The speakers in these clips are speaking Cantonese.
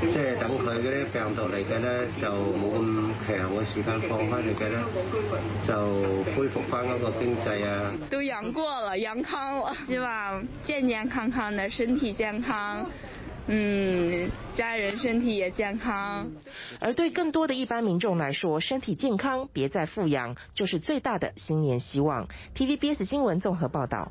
即係等佢嗰啲病毒嚟嘅咧，就冇咁強嘅時間放翻嚟嘅咧，就恢復翻嗰個經濟啊。都陽過了，陽康了，希望健健康康的，身體健康，嗯，家人身體也健康。而對更多的一般民眾來說，身體健康，別再復陽，就是最大的新年希望。TVBS 新聞綜合報導。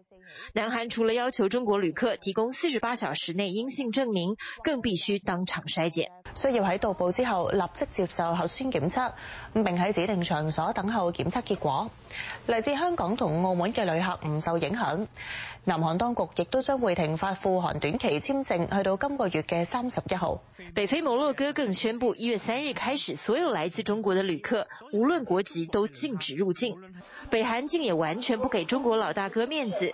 南韓除了要求中國旅客提供四十八小時內陰性證明，更必須當場篩檢。需要喺到埗之後立即接受核酸檢測，並喺指定場所等候檢測結果。嚟自香港同澳門嘅旅客唔受影響。南韓當局亦都將會停發赴韓短期簽證，去到今個月嘅三十一號。北非摩洛哥更宣佈一月三日開始，所有來自中國的旅客無論國籍都禁止入境。北韓竟也完全不給中國老大哥面子。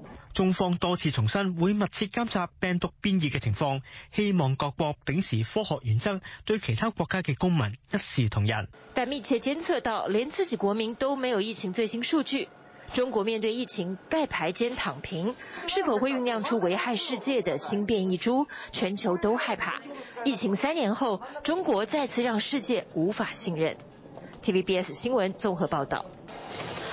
中方多次重申會密切監察病毒變異嘅情況，希望各國秉持科學原則，對其他國家嘅公民一視同仁。但密切監測到連自己國民都沒有疫情最新數據，中國面對疫情蓋牌兼躺平，是否會醞釀出危害世界的新變異株？全球都害怕。疫情三年後，中國再次讓世界無法信任。TVBS 新聞綜合報道。